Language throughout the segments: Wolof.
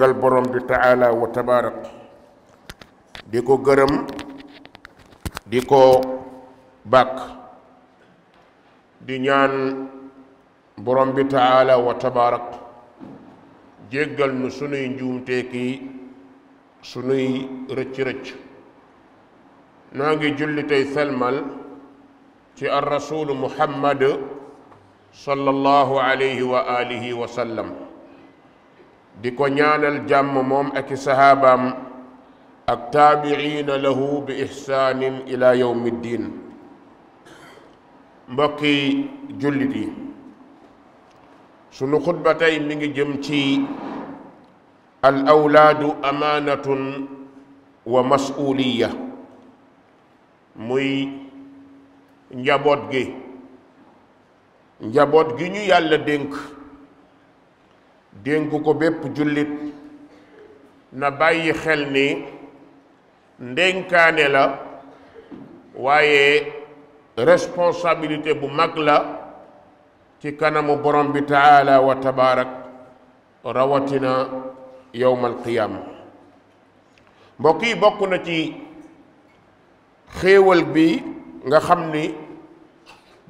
gal di ko gërëm di ko bàkk di ñaan borom bi taala wa tabaarak jéggal nu sunuy njuumteeki sunuy rëcc-rëcc noo ngi julli tey selmal ci ar rasulu muhammad sallallahu alayhi wa alihi wa di ko ñaanal jàmm moom ak i saxaabaam ak taabiina lahu bi ihsaanin ila yawmi ddin mbokki jullit yi sunu xutba tey mi ngi jëm ci al awlaadu amaanatun wa masuuliya muy njaboot gi njaboot gi ñu yàlla dénk dénk ko bépp jullit na bàyyi xel ni ndénkaane la waaye responsabilité bu mag la ci kanamu borom bi taala wa tabaarak rawatina yowmal qiyaama mbokk bokk na ci xéewal bi nga xam ni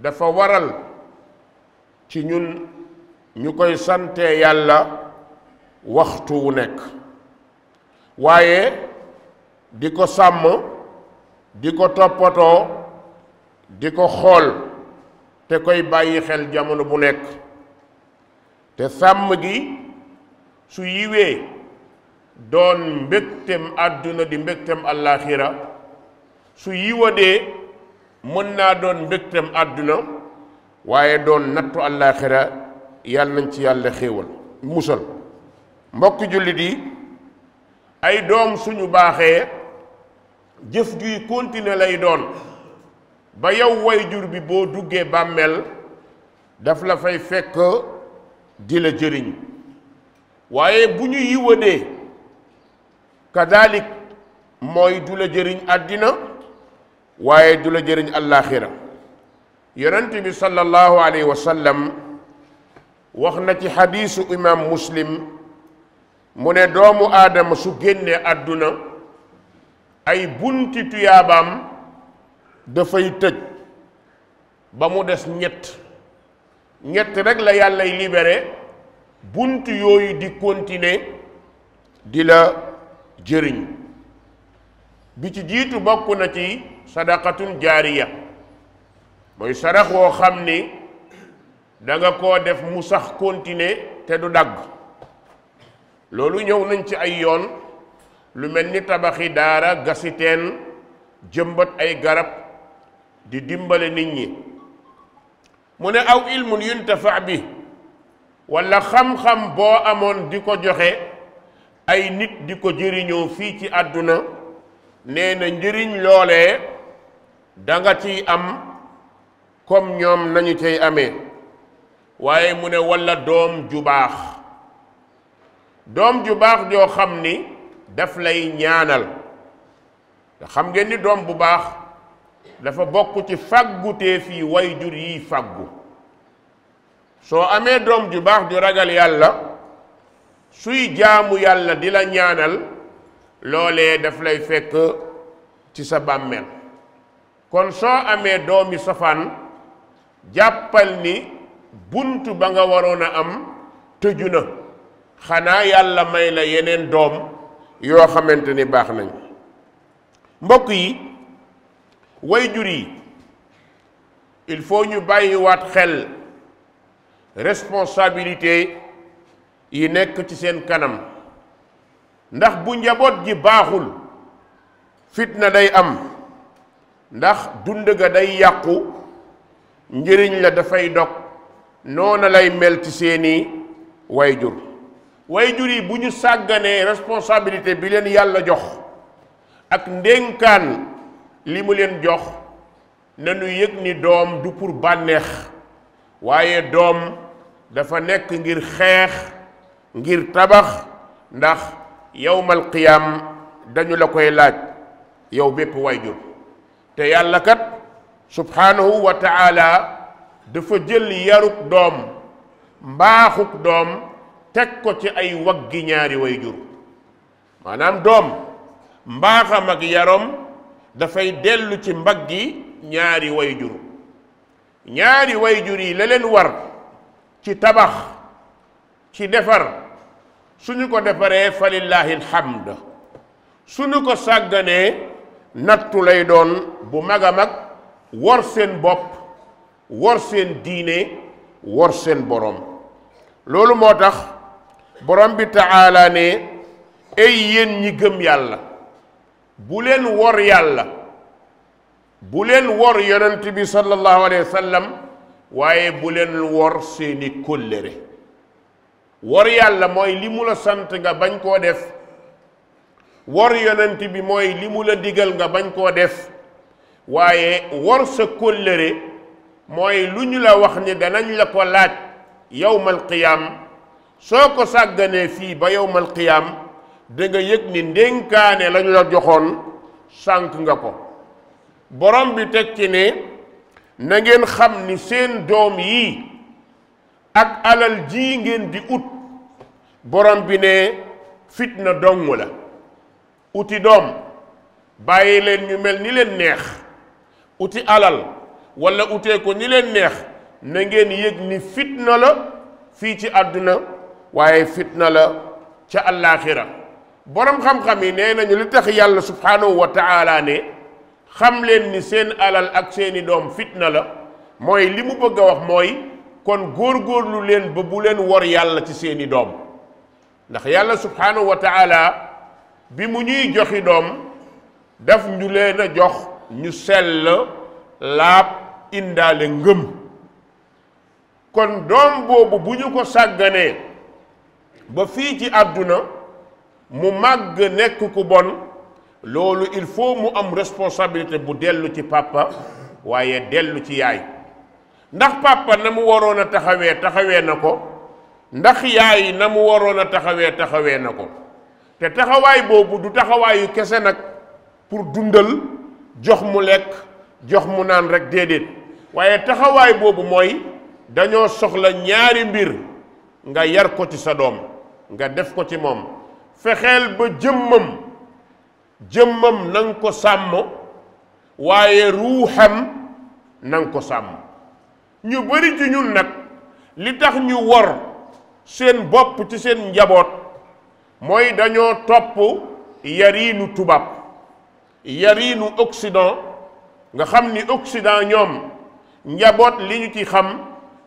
dafa waral ci ñun ñu koy sante yàlla waxtu wu nekk waaye di ko sàmm di ko toppatoo di ko xool te koy bàyyi xel jamono bu nekk te sàmm gi su yiwee doon mbégtem àdduna di mbégtem àllaaxira su yiwadee mën naa doon mbégtem àdduna waaye doon nattu àllaaxira yàlla nañ ci yàlla xéewal musal mbokk jullit yi ay doom suñu baaxee jëf juy continuer lay doon ba yow wayjur bi boo duggee bàmmeel daf la fay fekk di la jëriñ waaye bu ñu yiwadee kadalik mooy du la jëriñ àddina waaye du la jëriñ allaaxira yonent bi sallallahu alayhi wa wax na ci xadiisu imam muslim mu ne doomu aadama su génnee àdduna ay bunti tuyaabaam dafay tëj ba mu des ñett ñett rek la yàllay libéré bunt yooyu di kontiné di la jëriñ bi ci jiitu bokk na ci sadaqatun jaariya mooy sarax woo xam ni danga ko def mu sax continuer te du dagg loolu ñëw nañ ci ay yoon lu mel ni tabaxi daara gasi teen jëmbat ay garab di dimbale nit ñi mu ne aw ilmun yuntafa bi walla xam-xam boo amoon di ko joxe ay nit di ko jëriñoo fii ci àdduna nee na njëriñ loolee danga nga ciy am comme ñoom nañu cay amee waaye mu ne walla doom ju baax doom ju baax joo xam ni daf lay ñaanal te xam ngeen ni doom bu baax dafa bokk ci fàgguteef yi way jur yiy fàggu soo amee doom ju baax ju ragal yàlla suy jaamu yàlla di la ñaanal loolee daf lay fekk ci sa bàmmeel kon soo amee doomi safaan jàppal ni bunt ba nga waroon a am tëju na xanaa yàlla may la yeneen doom yoo xamante ni baax nañ mbokk yi wayjur yi il faut ñu bàyyiwaat xel responsabilité yi nekk ci seen kanam ndax bu njaboot ji baaxul fitna day am ndax dund ga day yàqu njëriñ la dafay dog noona lay melti seeni way jur way jur yi bu ñu sàgganee responsabilité bi leen yàlla jox ak ndënkaan li mu leen jox nanu yëg ni doom du pour bànneex waaye doom dafa nekk ngir xeex ngir tabax ndax yowmal qiyaam dañu la koy laaj yow bépp way jur te yàlla kat subhanahu wa taala dafa jël yaruk doom mbaaxuk doom teg ko ci ay waggi ñaari way jur maanaam doom mbaaxam ak yarom dafay dellu ci mbaggi ñaari way ñaari way jur yi la leen war ci tabax ci defar su ñu ko defaree fa lillahi su suñu ko sàgganee nattu lay doon bu mag a mag wor seen bopp wor seen diine wor seen borom loolu moo tax borom bi taala ne ay yéen ñi gëm yàlla bu leen wor yàlla bu leen wor yonent bi sallallahu alayhi wa waaye bu leen wor seeni kóllëre wor yàlla mooy li mu la sant nga bañ koo def wor yonent bi mooy li mu la digal nga bañ koo def waaye wor sa kóllëre mooy lu ñu la wax ni danañ la ko laaj yowmal qiyaam soo ko sàgganee fii ba yowmal qiyaam da yëg ni ndénkaane lañu la joxoon sànq nga ko borom bi teg ci ne na ngeen xam ni seen doom yii ak alal ji ngeen di ut borom bi ne fitna dong la uti doom bàyyi leen ñu mel ni leen neex wuti alal wala utee ko ni leen neex na ngeen yëg ni fitna la fii ci àdduna waaye fitna la ca àllaaxira boroom xam-xam yi nee nañu li tax yàlla subhaanahu wa ne xam leen ni seen alal ak seeni doom fitna la mooy li mu bëgg a wax mooy kon góor góorlu leen ba bu leen wor yàlla ci seeni doom ndax yàlla subhaanahu wa bi mu ñuy joxi doom daf ñu leen a jox ñu sell laab indaale ngëm kon doom boobu bu ñu ko sàgganee ba fii ci àdduna mu màgg nekk ku bon loolu il faut mu am responsabilité bu dellu ci papa waaye dellu ci yaay ndax papa na mu waroon a taxawee taxawee na ko ndax yaay na mu waroon a taxawee taxawee na ko te taxawaay boobu du taxawaayu kese nag pour dundal jox mu lekk jox mu naan rek déedéet waaye taxawaay boobu mooy dañoo soxla ñaari mbir nga yar ko ci sa doom nga def ko ci moom fexeel ba jëmmam jëmmam na ko sàmm waaye ruuxam na ko sàmm ñu bari ci nag li tax ñu wor seen bopp ci seen njaboot mooy dañoo topp yariinu tubaab yariinu Occident nga xam ni Occident ñoom njaboot li ñu ci xam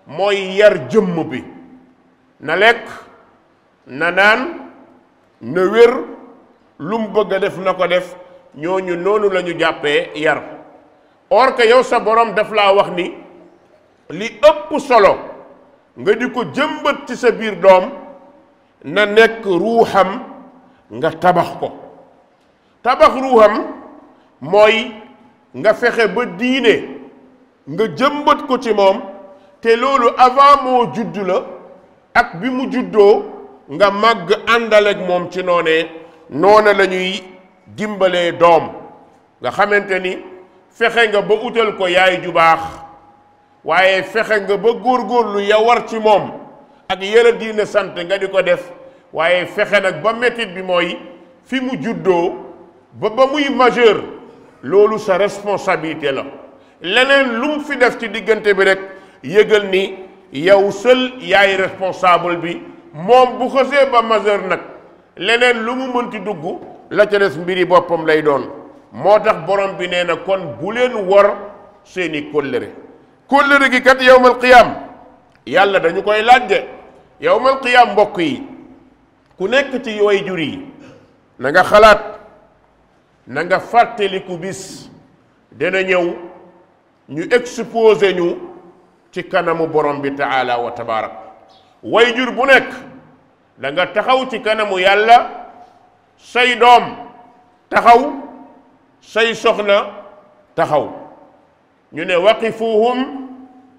mooy yar jëmm bi na lekk na naan na wér lu mu bëgg a def na ko def ñooñu noonu la ñu jàppee yar or yow sa borom daf laa wax ni li ëpp solo nga di ko jëmbat ci sa biir doom na nekk ruuxam nga tabax ko tabax ruuxam mooy nga fexe ba diine nga jëmbat ko ci moom te loolu avant moo juddu la ak bi mu juddoo nga màgg àndal ak moom ci noone noona la ñuy dimbalee doom nga xamante ni fexe nga ba utal ko yaay ju baax waaye fexe nga ba góor góorgóorlu ya war ci moom ak yëla diina sant nga di ko def waaye fexe nag ba mettit bi mooy fi mu juddoo ba ba muy majeur loolu sa responsabilité la leneen lu mu fi def ci diggante bi rekk yëgal ni yow sël yaay responsable bi moom bu xësee ba majeur nag leneen lu mu mënti dugg la ca des mbiri boppam lay doon moo tax borom bi nee na kon bu leen wor seeni kóllëre kóllëre gi kat yowmal qiyaam yàlla dañu koy laajje yowmal qiyaam mbokk yi ku nekk ci yooy jur yi na nga xalaat na nga ku bis dana ñëw ñu exposé ñu ci kanamu borom bi taala wa way jur bu nekk da nga taxaw ci kanamu yàlla say doom taxaw say soxna taxaw ñu ne waqifuhum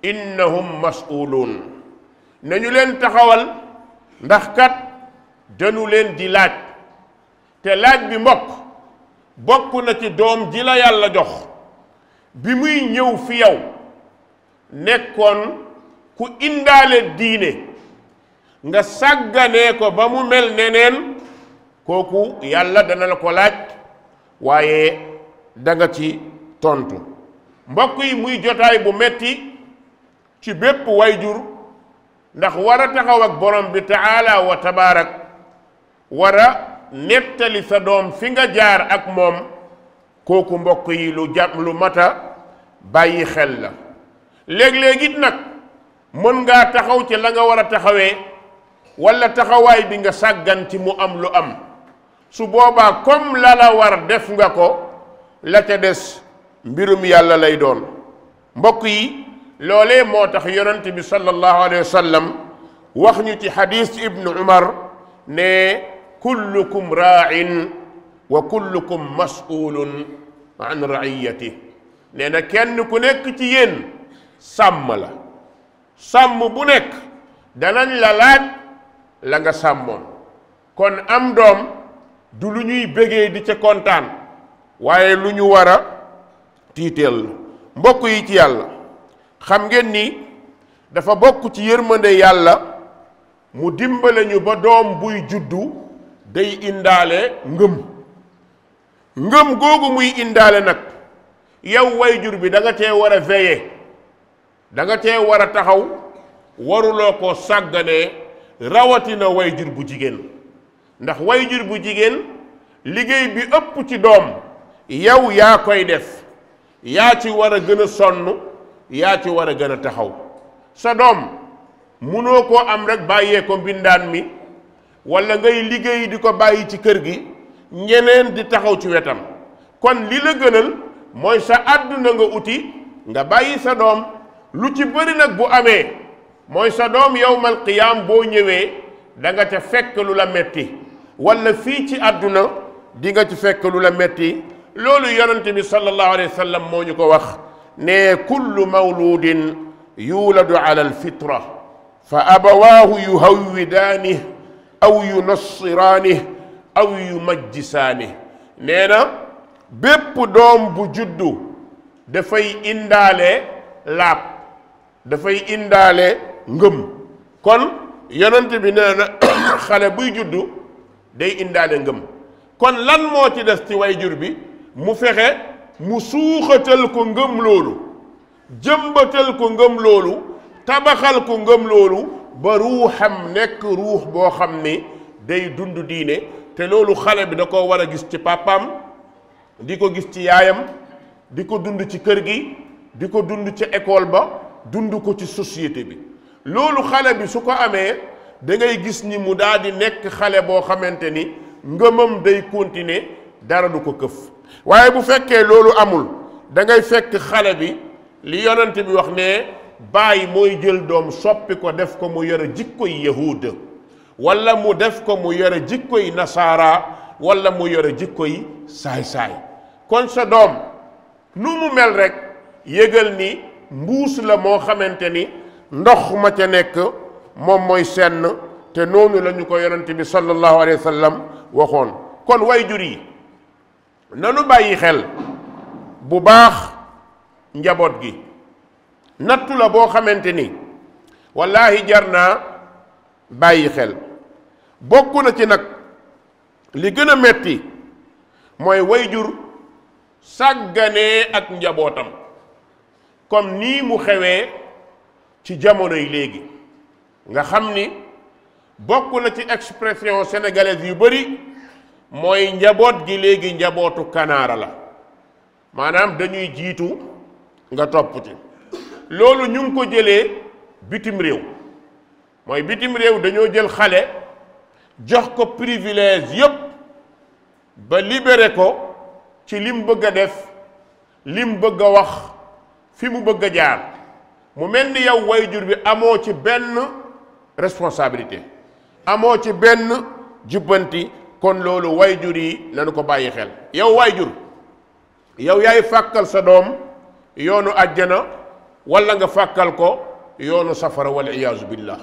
innahum mas'uluun nañu leen taxawal ndax kat dañu leen di laaj te laaj bi mbokk bokk na ci doom ji la yàlla jox bi muy ñëw fi yow nekkoon ku indaale diine nga sàgganee ko ba mu mel neneen kooku yàlla dana la ko laaj waaye danga ci tontu mbokk yi muy jotaay bu metti ci bépp wayjur ndax war a taxaw ak borom bi taala wa tabaarak war a nettali sa doom fi nga jaar ak moom kooku mbokk yi lu jàpp lu mata bàyyi xel la léeg-léeg nag mën ngaa taxaw ci la nga war a taxawee walla taxawaay bi nga sàgganti mu am lu am su boobaa comme lala war def nga ko la ca des mbirum yàlla lay doon mbokk yi loolee moo tax yonent bi sallallahu alayhi wa sallam wax ñu ci xadiis ibnu umar ne kullukum raa'in wa kullukum mas'ulun an ra'iyatihi nee na kenn ku nekk ci yéen sàmm la sàmm bu nekk danañ la laaj la nga sàmmoon kon am doom du lu ñuy bëgge di ca kontaan waaye lu ñu war a tiiteel la mbokk yi ci yàlla xam ngeen ni dafa bokk ci yërmande yàlla mu dimbale ñu ba doom buy juddu day indaale ngëm ngëm googu muy indaale nag yow wayjur bi danga cee war a veiller danga nga cee war a taxaw waruloo ko sàgganee rawatina wayjur bu jigéen ndax way wayjur bu jigéen liggéey bi ëpp ci doom yow yaa koy def yaa ci war a gën a sonn yaa ci war a gën a taxaw sa doom munoo koo am rek bàyyee ko mbindaan mi walla ngay liggéey di ko bàyyi ci kër gi ñeneen di taxaw ci wetam kon li la gënal mooy sa àdduna nga uti nga bàyyi sa doom lu ci bëri nag bu amee mooy sa doom yowmal qiyaam boo ñëwee da nga ca fekk lu la metti wala fii ci àdduna di nga ci fekk lu la metti loolu yonente bi sallallahu alayhi wa sallam moo ñu ko wax ne kullu mawludin yuuladu ala alfitra fa abawaahu yuhawwidaani aw yunassiraani aw yumajjisaani nee na bépp doom bu juddu dafay indaale laab dafay indaale ngëm kon yonent bi nee na xale buy juddu day indaale ngëm kon lan moo ci des ci way jur bi mu fexe mu suuxatal ko ngëm loolu jëmbatal ko ngëm loolu tabaxal ko ngëm loolu ba ruuxam nekk ruux boo xam ni day dund diine te loolu xale bi da ko war a gis ci pàppam di ko gis ci yaayam di ko dund ci kër gi di ko dund ci école ba dund ko ci société bi loolu xale bi su ko amee da ngay gis ni mu daal di nekk xale boo xamante ni ngëmam day continuer dara du ko këf waaye bu fekkee loolu amul da ngay fekk xale bi li yonent bi wax ne bàyyi mooy jël doom soppi ko def ko mu yore jikkoy yahuud wala mu def ko mu yore jikkoy nasaara wala mu yore jikkoy saay-saay kon sa doom nu mu mel rekk yëgal ni mbuus la moo xamante ni ndox ma ca nekk moom mooy senn te noonu la ñu ko yonent bi sallallahu alayhi wa waxoon kon way jur yi nanu bàyyi xel bu baax njaboot gi nattu la boo xamante ni wallaahi jar naa bàyyi xel bokk na ci nag li gën a metti mooy wayjur sàgganee ak njabootam comme nii mu xewee ci jamono léegi nga xam ni bokk na ci expression sénégalaise yu bari mooy njaboot gi léegi njabootu kanaara la maanaam dañuy jiitu nga topp ci loolu ñu ngi ko jëlee bitim réew mooy bitim réew dañoo jël xale jox ko privilège yëpp ba libéré ko ci lim bëgg a def lim bëgg a wax fi mu bëgg a jaar mu mel ni yow wayjur bi amoo ci benn responsabilité amoo ci benn jubbanti kon loolu wayjur yi nanu ko bàyyi xel yow wayjur yow yaay fàkkal sa doom yoonu àjjana walla nga fàkkal ko yoonu safara wal iyaazu billah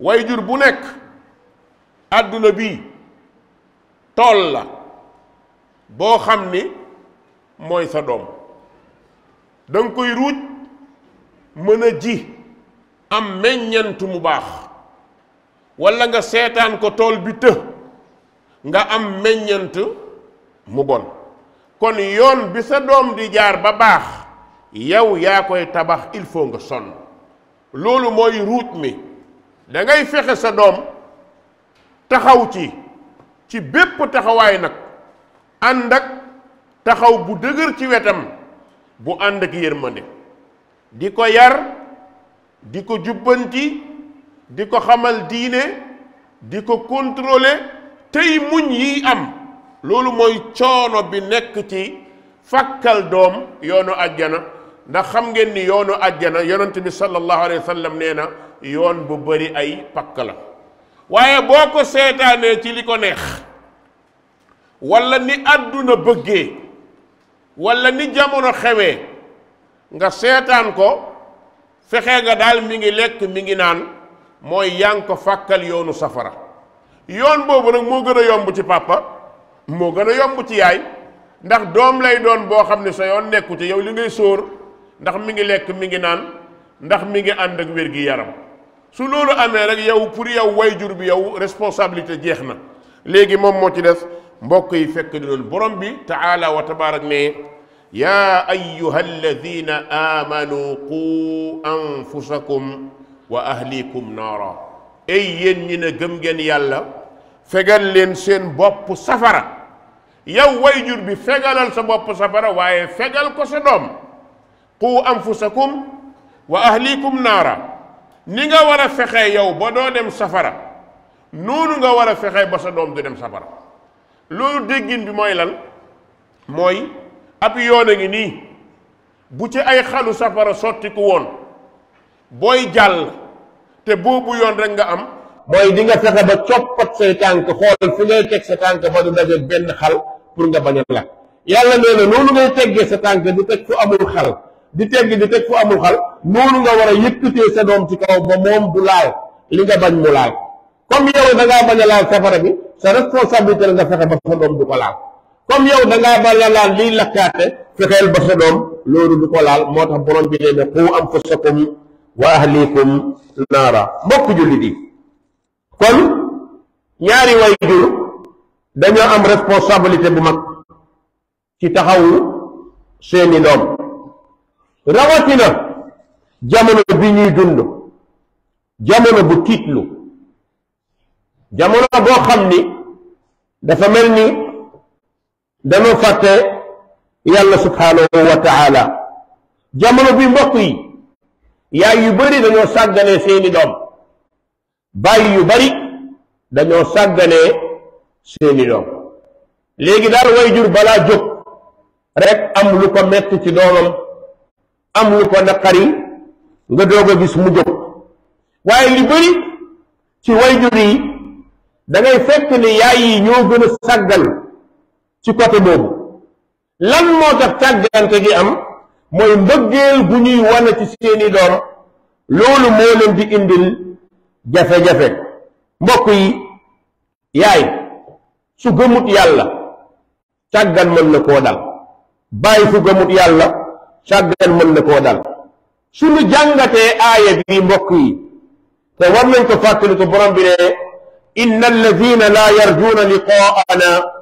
wayjur bu nekk àdduna bi tool la boo xam ni mooy sa doom da koy ruuj mën a ji am meññent mu baax walla nga seetaan ko tool bi të nga am meññent mu bon kon yoon bi sa doom di jaar ba baax yow yaa koy tabax il faut nga sonn loolu mooy ruuj mi dangay fexe sa doom taxaw ci ci bépp taxawaay nag ànd ak taxaw bu dëgër ci wetam bu ànd ak yërmande di ko yar di ko jubbanti di ko xamal diine di ko contrôler tey muñ yi am loolu mooy coono bi nekk ci fàkkal doom yoonu àjjana ndax xam ngeen ni yoonu àjjana yonent bi sallallahu alayhi wa nee na yoon bu bari ay pakk la waaye boo ko seetaanee ci li ko neex walla ni àdduna bëgge walla ni jamono xewee nga seetaan ko fexe nga daal mi ngi lekk mi ngi naan mooy yaa ko fàkkal yoonu safara yoon boobu nag moo gën a yomb ci papa moo gën a yomb ci yaay ndax doom lay doon boo xam ne sa yoon nekku ci yow li ngay sóor ndax mi ngi lekk mi ngi naan ndax mi ngi ànd ak wér-gi-yaram su loolu amee rek yow pour yow way jur bi yow responsabilité jeex na léegi moom moo ci des mbokk yi fekk di loolu borom bi taala wa tabaarak ne yaa ayuha alladina amanu qu anfusakum wa ahlikum naara ay yéen ñi ne gëm ngeen yàlla fegal leen seen bopp safara yow wayjur bi fegalal sa bopp safara waaye fegal ko sa doom qu anfusakum wa ahlikum naara ni nga war a fexe yow ba doo dem safara noonu nga war a fexe ba sa doom du dem safara loolu déggin bi mooy lan mooy ab yoon a ngi nii bu ci ay xalu safara sottiku woon booy jàll te boobu yoon rek nga am mooy di nga fexe ba coppat say tànk xool fi ngay teg sa tànk ba du daje benn xal pour nga bañ a lakk yàlla nee na noonu ngay teggee sa tànk di teg fu amul xal di tegg di teg fu amul xal noonu nga war a yëkkatee sa doom ci kaw ba moom du laal li nga bañ mu laal comme yow da bañ a laal safara bi sa responsabilité la nga fexe ba sa doom du ko laal comme yow da ba la laal liy lakkaate fexeel ba sa loolu du ko laal moo tax borom bi nee ne qu anfusakum wa ahlikum naara mbokk jullit yi kon ñaari way jur dañoo am responsabilité bu mag ci taxawu seeni doom rawatina jamono bi ñuy dund jamono bu tiitlu jamono boo xam ni dafa mel ni dañoo fàtte yàlla subhaanahu wa taala jamono bi mbokk yi yaay yu bari dañoo sàgganee seeni doom bàyyi yu bari dañoo sàgganee seeni doom léegi daal wayjur balaa jóg rek am lu ko metti ci doomam am lu ko naqari nga doog a gis mu jóg waaye li bari ci wayjur yi dangay ngay fekk ni yaay yi ñoo gën a sàggan ci côté boobu lan moo tax sàggante gi am mooy mbëggeel gu ñuy wane ci seeni doom loolu moo leen di indil jafe-jafe mbokk yi yaay su gëmut yàlla sàggan mën na koo dal bàyyi su gëmut yàlla sàggan mën na koo dal suñu jàngatee aaya bi mbokk yi te war nañ ko fàttali ko borom bi ne إن الذين لا يرجون لقاءنا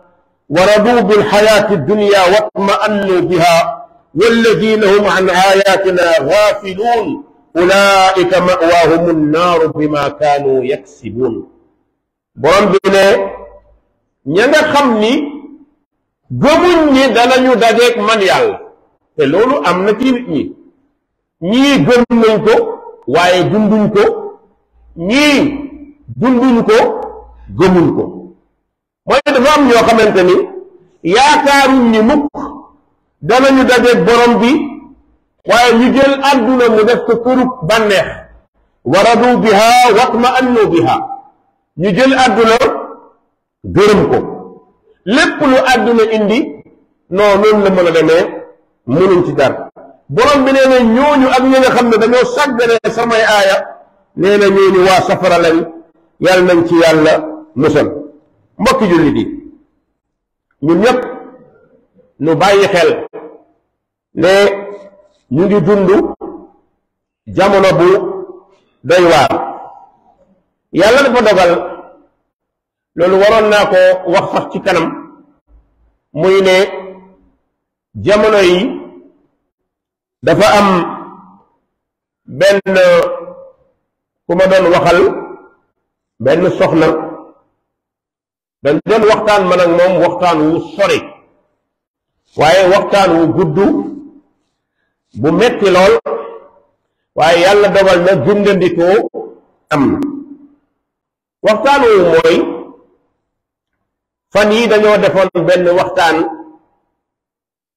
ورضوا بالحياة الدنيا واطمأنوا بها والذين هم عن آياتنا غافلون أولئك مأواهم النار بما كانوا يكسبون borom bi ne ña nga xam ni gëmuñ ni danañu dajeeg man yàlla te loolu am na ci nit ñi ñii gëm nañ ko waaye dunduñ ko ñii dunduñ ko gëmuñ ko mooy dafa am ñoo xamante ni yaakaaruñ ni mukk danañu dajeeg borom bi waaye ñu jël àdduna mu def ko kërug banneex wa radu biha watma annu biha ñu jël àdduna gërëm ko lépp lu àdduna indi noo noonu la mën a demee mënuñ ci dara borom bi nee na ñooñu ak ñi nga xam ne dañoo sàggane samay aaya nee na ñooñu waa safara lañ yàlla nañ ci yàlla musal mbokki jullit yi ñun ñëpp nu bàyyi xel ne ñu ngi dund jamono bu doy waar yàlla dafa dogal loolu waroon naa ko wax sax ci kanam muy ne jamono yi dafa am benn ku ma doon waxal benn soxna dañ doon waxtaan man moom waxtaan wu sori waaye waxtaan wu gudd bu metti lool waaye yàlla dogal na gindandikoo am waxtaan wu mooy fan yi dañoo defoon benn waxtaan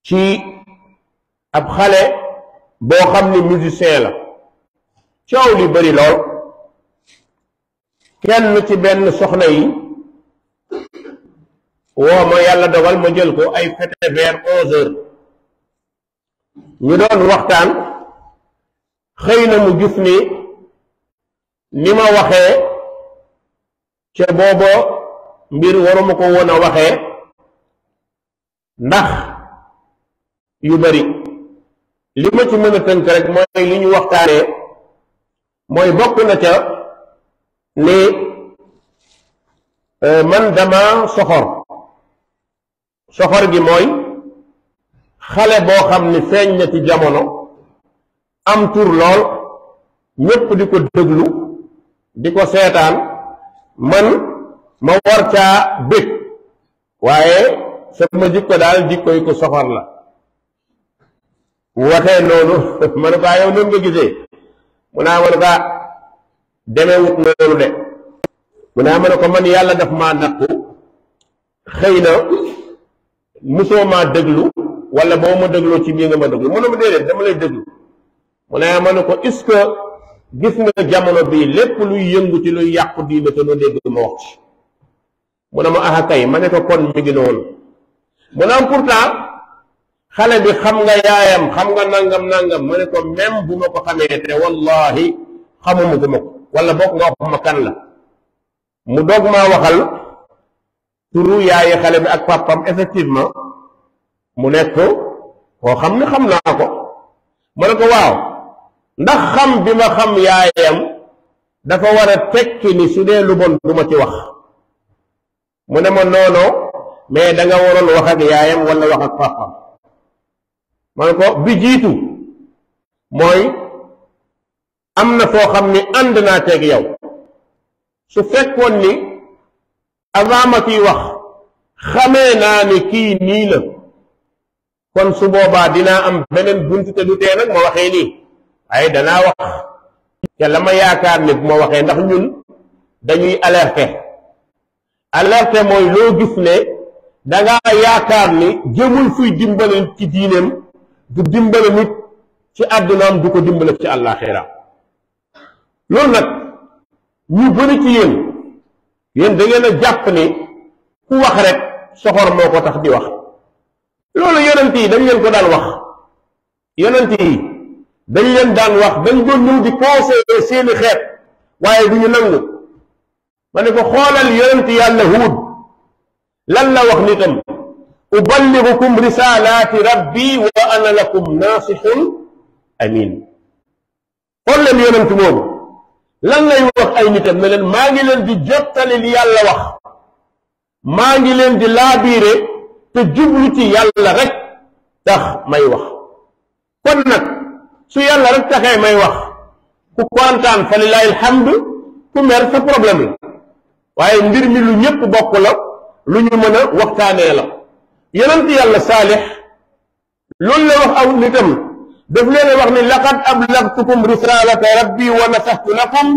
ci ab xale boo xam ni musicien la coow li bari lool kenn ci benn soxna yi woo ma yàlla dogal ma jël ko ay fete vers onze heures ñu doon waxtaan xëy na mu gis ni ni ma waxee ca booba mbir waruma ko woon a waxee ndax yu bari li ma ci mën a tënk rek mooy li ñu waxtaanee mooy bokk na ca ni euh, man dama soxor soxor gi mooy xale boo xam ni feeñ na ci jamono am tur lool ñépp di ko déglu di ko seetaan man ma war caa bég waaye sama jikko daal jikko yi ko soxor la waxee noonu ma ne ko ah, yow noonu nga gisee mu naa ah, ma ne ah, demewut noonu de mu naa ma man yàlla daf maa nattu xëy na musoo maa déglu wala boo ma dégloo ci bii nga ma déglu mu ne ma déedéet dama lay déglu mu ne ma ne ko est-ce que gis nga jamono bii lépp luy yëngu ci luy yàqu diine te nu dégg ma wax ci mu ne ma aha ma ne ko kon mi ngi noonu mu ne am pourtant xale bi xam nga yaayam xam nga nangam nangam ma ne ko même bu ma ko xamee te wallahi xamuma ko ma ko wala bokk nga wax ma kan la mu doog maa waxal turu yaaye xale bi ak papam effectivement mu nekk koo xam ne xam naa ko ma ne ko waaw ndax xam bi ma xam yaayam dafa war a tekki ni su dee lu bon du ma ci wax mu ne ma noonoo mais da nga waroon wax ak yaayam wala wax ak papam ma ko bi mooy am na foo xam ni ànd naa teeg yow su fekkoon ni avant ma ciy wax xamee naa ni kii nii la kon su boobaa dinaa am beneen bunt te du tee nag ma waxee nii ay danaa wax te la ma yaakaar ne bu ma waxee ndax ñun dañuy alerte alerter mooy loo gis ne dangaa yaakaar ni jëmul fuy dimbale ci diineem du dimbale nit ci àddunaam du ko dimbale ci àllaaxira loolu nag ñu bëri ci yéen yéen da a jàpp ni ku wax rek soxor moo ko tax di wax loolu yonent yi dañ leen ko daan wax yonent yi dañ leen daan wax dañ doon ñëw di conseiller seeni xeet waaye du ñu nangu ma ko xoolal yonent yàlla Huud lan la wax nitam uballigukum risalaati rabbi wa ana lakum naasixun amin len leen yonent moomu lan lay wax ay nitam ne leen maa ngi leen di jottali li yàlla wax maa ngi leen di laabiire te jublu ci yàlla rek tax may wax kon nag su yàlla rek taxee may wax ku kontaan fa lilahi alhamd ku mer sa problème waaye mbir mi lu ñëpp bokk la lu ñu mën a waxtaanee la yonent yàlla saalix loolu la wax aw nitam daf leen wax ni laqad ablagtukum risalata rabbi wa nasaxtu lakum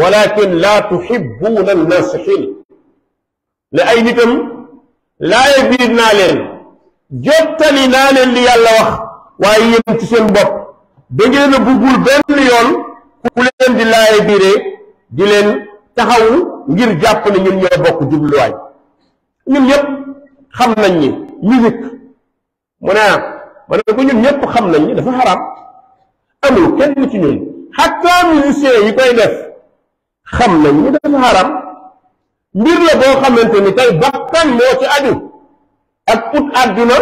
walakin laa tuhibuuna alnasihin ne ay nitam laaye biir naa leen jottali naa leen li yàlla wax waaye yéen ci seen bopp da ngeen a buggul benn yoon ku leen di laaye biiree di leen taxawu ngir jàpp ne ñun ñoo bokk jubluwaay ñun ñëpp xam nañ ni mu ne ma ne ko ñun ñëpp xam nañ ni dafa xaraam amul kenn ci ñun xatta musiciens yi koy def xam nañ dafa xaraam mbir la boo xamante ni tey bakkan moo ci aju ak ut àdduna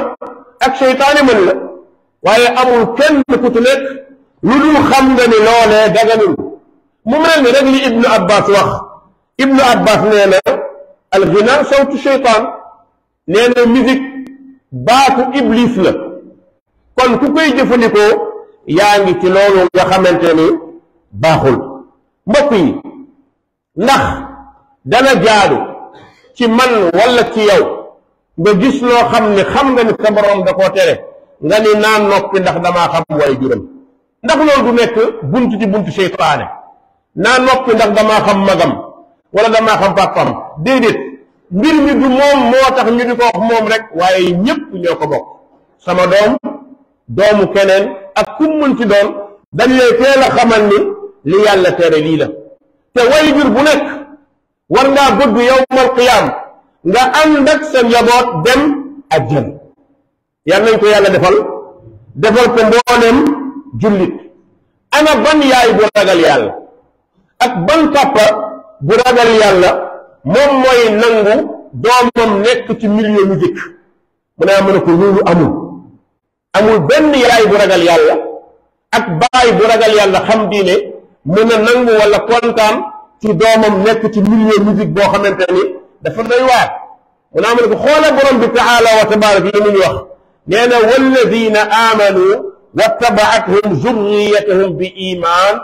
ak seytaane mën la waaye amul kenn ku ci nekk lu dul xam nga ni loolee daganul mu mel ni rek li ibnu abbas wax ibnu abbas nee na alxina sawtu seytaan nee na musique baatu iblis la kon ku koy jëfandikoo yaa ngi ci loolu nga xamante ni baaxul mbokk yi ndax dana jaadu ci man walla ci yow nga gis loo xam ni xam nga ni sa borom da koo tere nga ni naan noppi ndax damaa xam way ndax loolu du nekk bunt ci bunt seytaane naan noppi ndax damaa xam magam walla damaa xam pàppam déedéet mbir mi du moom moo tax ñu di ko wax moom rek waaye ñépp ñoo ko bokk sama doom doomu keneen ak kum mën doon dañ lay teel li yàlla tere lii la te wayjur bu nekk war ngaa bëgg yowmal qiyaam nga ànd ak sa njaboot dem ajjan yal nañ ko yàlla defal defal ko mbooleem jullit ana ban yaay bu ragal yàlla ak ban papa bu ragal yàlla moom mooy nangu doomam nekk ci mi mu mu ne ah, mën a ko amul amul benn yaay bu ragal yàlla ak baay bu ragal yàlla xam diine mën a nangu wala kontaan ci doomam nekk ci milieu musique boo xamante ni dafa doy waar mu naa ma ne ko xoola borom bi taala wa tabarak li muy wax nee na walladina amanu wattabaatuhum zurriyatahum bi iman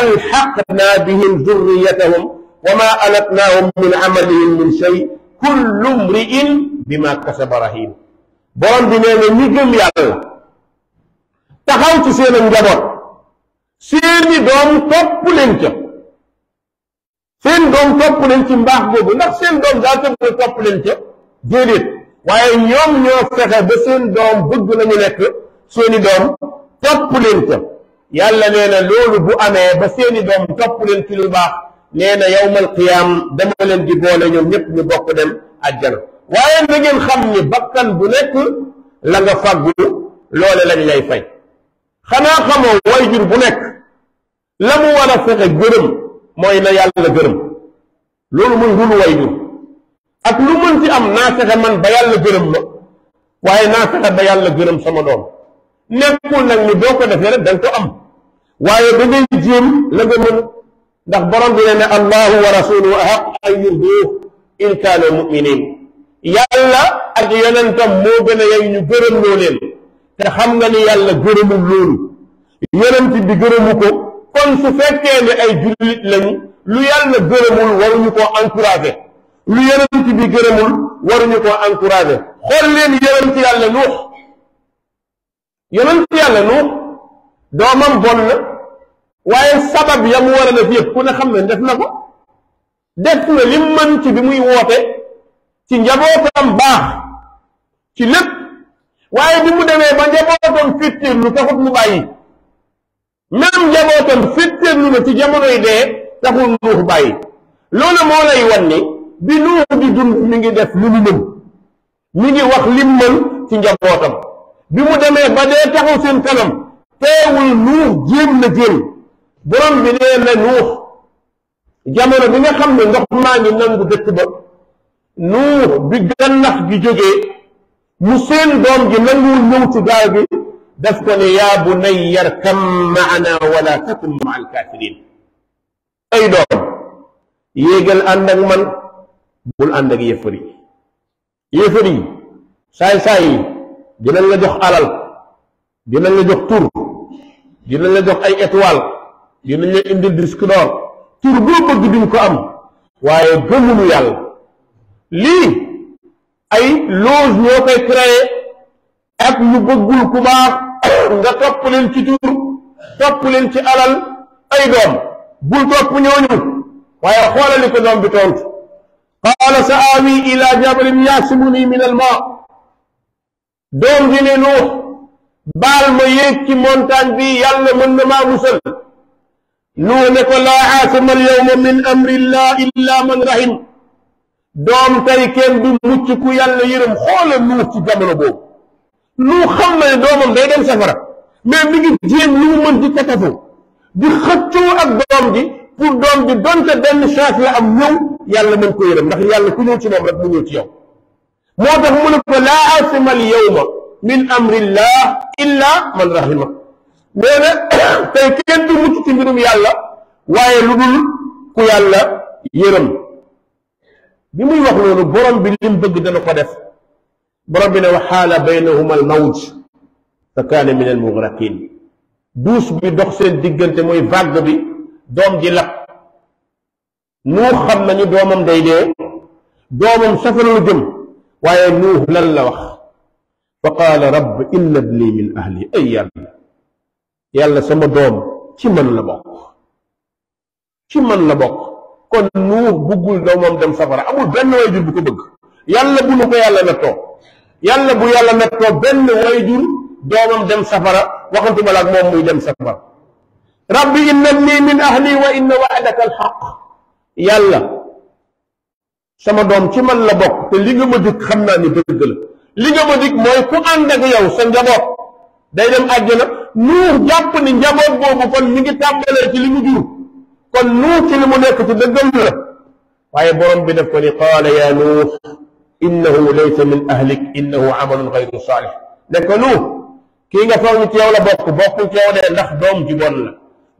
alxaqna bihim zurriyatahum wa ma alatnahum min amalihim min shay kullu mriin bima kasaba rahin borom bi nee na ñi gëm yàlla taxaw ci seen njaboot seeni doom topp leen ca doom topp leen ci mbaax boobu ndax seen doom daa tëb ne topp leen ca déedéet waaye ñoom ñoo fexe ba seen doom bëgg nañu nekk seeni doom topp leen ca yàlla nee na loolu bu amee ba seeni doom topp leen ci lu baax nee na yawmal qiyaam dama leen di boole ñoom ñëpp ñu bokk dem àjjana waaye na ngeen xam ni bakkan bu nekk la nga fàggu loole lañ lay fay xanaa xamoo wayjur bu nekk la mu war a fexe gërëm mooy na yàlla gërëm loolu muy rulu wayjur ak lu mën ci am naa fexe man ba yàlla gërëm ma waaye naa fexe ba yàlla gërëm sama doom nekkul nag ni boo ko defee da nga ko am waaye da ngay jéem la nga ndax borom bi ne ne allahu wa rasuluhu ahaq an yurduuh in kaanu muminin yàlla ak yonentam moo gën a ñu gërëm loo leen te xam nga ni yàlla gërëmul loolu yonent bi gërëmu ko kon su fekkee ne ay jullit lañu lu yàlla gërëmul waruñu koo encouragé lu yonent bi gërëmul waruñu koo encouragé xool leen yonent yàlla nuux yonent yàlla nuux doomam bon na waaye sabab ya mu war a def yëpp ku ne xam ne def na ko def na lim mën ci bi muy woote ci njabootam baax ci lépp waaye bi mu demee ba njabootam fittirlu taxut mu bàyyi même njabootam fittirlu ne ci jamonoy dee taxul nuux bàyyi loolu moo lay wan ni bi nuux di dund mi ngi def lu mu mi ngi wax lim mën ci bi mu demee ba dee taxu seen kanam teewul nuux jéem na jéem borom bi nee na nuux jamono bi nga xam ne ndox maa ngi nangu dëkk ba nuux bi gannax gi jógee mu seen doom ji nanguwul ñëw ci gaaw bi daf ko ne yaa bunayya yarkam maana wala takun maa alkaafiriin ay doom yéegal ànd ak man bul ànd ak yëfër yi yëfër yi saay-saay yi dinañ la jox alal dinañ la jox tur dinañ la jox ay étoile dinañ la indil disque d'or tur boo bëgg duñ ko am waaye gëmuñu yàlla lii ay loge ñoo koy créé ak ñu ku baax nga topp leen ci tur leen ci alal ay doom bul topp ñooñu waaye xoolal li ko doom bi tontu qaala sa aawi ila jabalin min al doom ji ne nuux baal ma yéeg ci montagne bi yàlla mën na maa musal nuux ko laa aasima al yawma min amri llah illa man rahim doom tey kenn du mucc ku yàlla yërëm xoola nuux ci jamono boobu lu xam na ne day dem safara mais mi ngi jéem lu mu mën di tatafu di xëccoo ak doom ji pour doom ji donte benn chance la am ñëw yàlla man ko yërëm ndax yàlla ku ñëw ci moom mu ñëw ci moo tax mu ne ko laa asima al yawma min amrillah illa man rahima nee na tey kenn du mucc ci mbirum yàlla waaye lu dul ku yàlla yërëm bi muy wax loolu borom bi lim bëgg dana ko def borom bi ne wa xaala baynahuma al mawj fa kaane min al mugraqin duus bi dox diggante mooy vague bi doom ji lap nuux xam nañu doomam day dee doomam safaralu waaye nuux lan la wax fa qaala rabb inna bni min ahli ay yàlla sama doom ci man la bokk ci man la bokk kon nuux buggul doomam dem safara amul benn wayjur bu ko bëgg yàlla bu nu ko yàlla nettoo yàlla bu yàlla nettoo benn wayjur doomam dem safara waxantuma la ak moom muy dem safara rabbi innani min ahli wa inna waadaka alxaq yàlla sama doom ci man la bokk te li nga ma dikk xam naa ni dëgg la li nga ma dikk mooy ku ànd ak yow sa njaboot day dem àjjana nuux jàpp ni njaboot boobu kon mi ngi tàmbalee ci li mu jur kon nuux ci li mu nekk ci dëggam la waaye borom bi daf ko ni qaala yaa nuux innahu laysa min ahlik innahu amalun gayru saalih ne nuux kii nga foog ni ci yow la bokk bokkul ci yow de ndax doom ji bon la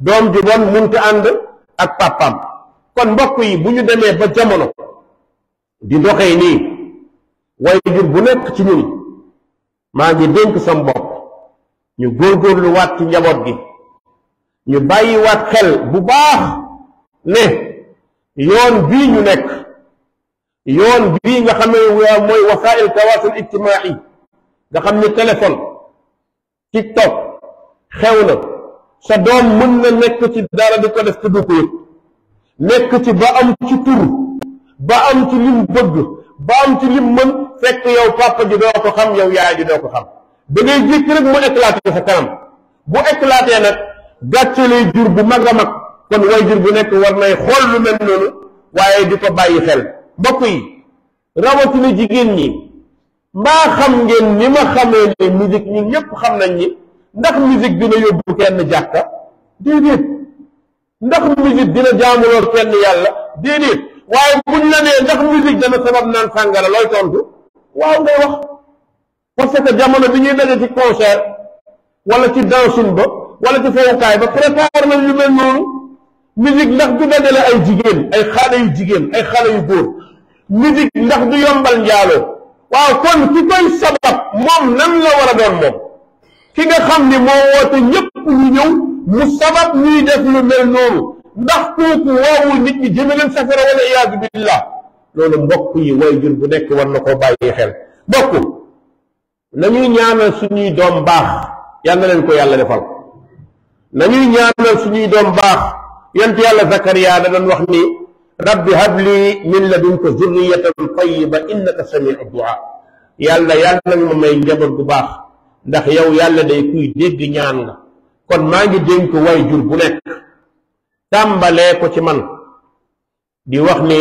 doom ju bon munta ànd ak pàppam kon mbokk yi bu ñu demee ba jamono di doxee nii jur bu nekk ci ñun maa ngi dénk sam bopp ñu góorgóorlu waat ci njaboot gi ñu bàyyiwaat xel bu baax ne yoon bii ñu nekk yoon bii nga xam ne mooy wasaa'il tawaasul ijtimaa'i nga xam ne téléphone tiktok xew na sa mën na nekk ci dara di ko def nekk ci ba am ci tur ba am ci lim bëgg ba am ci lim mën fekk yow papa ji doo ko xam yow yaay ji ko xam da ngay jékki mu éclaté sa kanam gàcce lay jur bu mag a mag kon way jur bu nekk war nay xool lu mel noonu waaye di ko bàyyi xel mbokk yi rawatina jigéen ñi mbaa xam ngeen ñi ma xamee ne musique ñun ñëpp xam nañ ni ndax musique dina yóbbu kenn jàkka déedéet ndax musique dina jaamuloo kenn yàlla déedéet waaye ñu la nee ndax musique dana sabab naan sàngara looy tontu waaw ngay wax parce que jamono bi ñuy daje ci concert wala ci dansin ba wala ci fowukaay ba préparé nañ lu mel noonu musique ndax du dajale ay jigéen ay xale yu jigéen ay xale yu góor musique ndax du yombal njaaloo waaw kon ki koy sabab moom nan la war a doon moom ki nga xam ni moo woote ñépp ñu ñëw mu sabab ñuy def lu mel noonu ndax kooku woowul nit ñi jëme leen safara wala iyaadu billah loolu mbokk yi way jur bu nekk war na koo bàyyi xel mbokk nañuy ñaanal suñuy doom baax yal na leen ko yàlla defal nañuy ñaanal suñuy doom baax yent yàlla zakariya da doon wax ni rab rabbi habli min ladunka zurriyatan tayyiba innaka samiu du'a yàlla yàlla nag ma may njaboot bu baax ndax yow yàlla day kuy dégg ñaan nga kon maa ngi dénk way jur bu nekk tàmbalee ko ci man di wax ni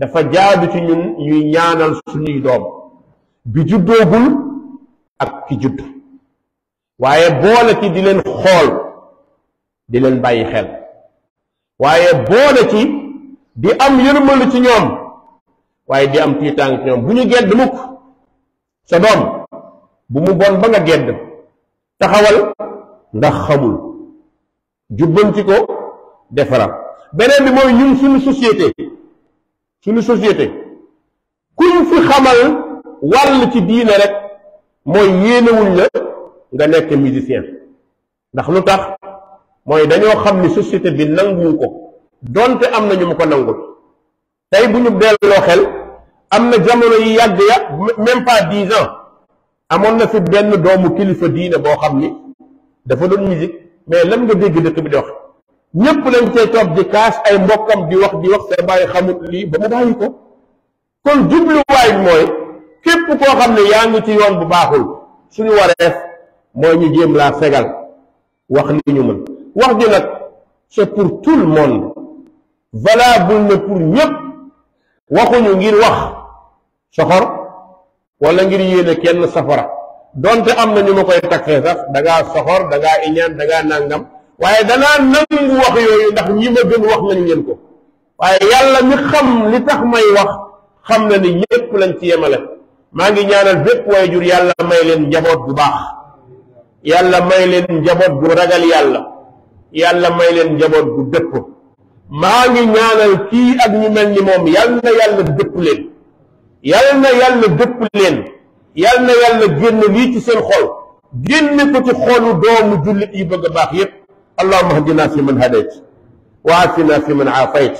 dafa jaadu ci ñun ñuy ñaanal suñuy doom bi juddoogul ak ki judd waaye boole ci di leen xool di leen bàyyi xel waaye boole ci di am yërmande ci ñoom waaye di am tiitaang ci ñoom bu ñu gedd mukk sa doom bu mu bon ba nga gedd taxawal ndax xamul jubbanti ko defaram beneen bi mooy ñun suñu société suñu société kuñ fi xamal wàll ci diine rek mooy yéenewuñ la nga nekk musicien ndax lu tax mooy dañoo xam ni société bi nanguwu ko donte am na ñu mu ko nangul tey bu ñu delloo xel am na jamono yi yàgg ya même pas dix amoon na fi benn doomu kilifa diine boo xam ni dafa doon musique mais lan nga dégg dëkk bi di wax ñépp lañ cay toog di kaas ay mbokkam di wax di wax sa bàyyi xamut lii ba mu bàyyi ko kon jubluwaay mooy képp koo xam ne yaa ngi ci yoon bu baaxul suñu wareef mooy ñu jéem laa fegal wax li ñu mën wax ji nag c'est pour tout le monde valable na pour ñépp waxuñu ngir wax soxor wala ngir yéene kenn safara doonte am na ñu ma koy taxee sax dangaa soxor dangaa iñaan dangaa nàngam waaye danaa nangu wax yooyu ndax ñi ma gën wax nañu ngeen ko waaye yàlla mi xam li tax may wax xam na ni ñépp lañ ci yemale maa ngi ñaanal bépp waaye jur yàlla may leen njaboot bu baax yàlla may leen njaboot gu ragal yàlla yàlla may leen njaboot gu dëpp maa ngi ñaanal kii ak ñu mel ni moom yal na yàlla dëpp leen yal na yàlla dëpp leen yal na yàlla génn lii ci seen xol génne ko ci xolu doomu jullit yi bëgg a baax yépp allahumma hdina fi man hadayt wa afina fi man aafayt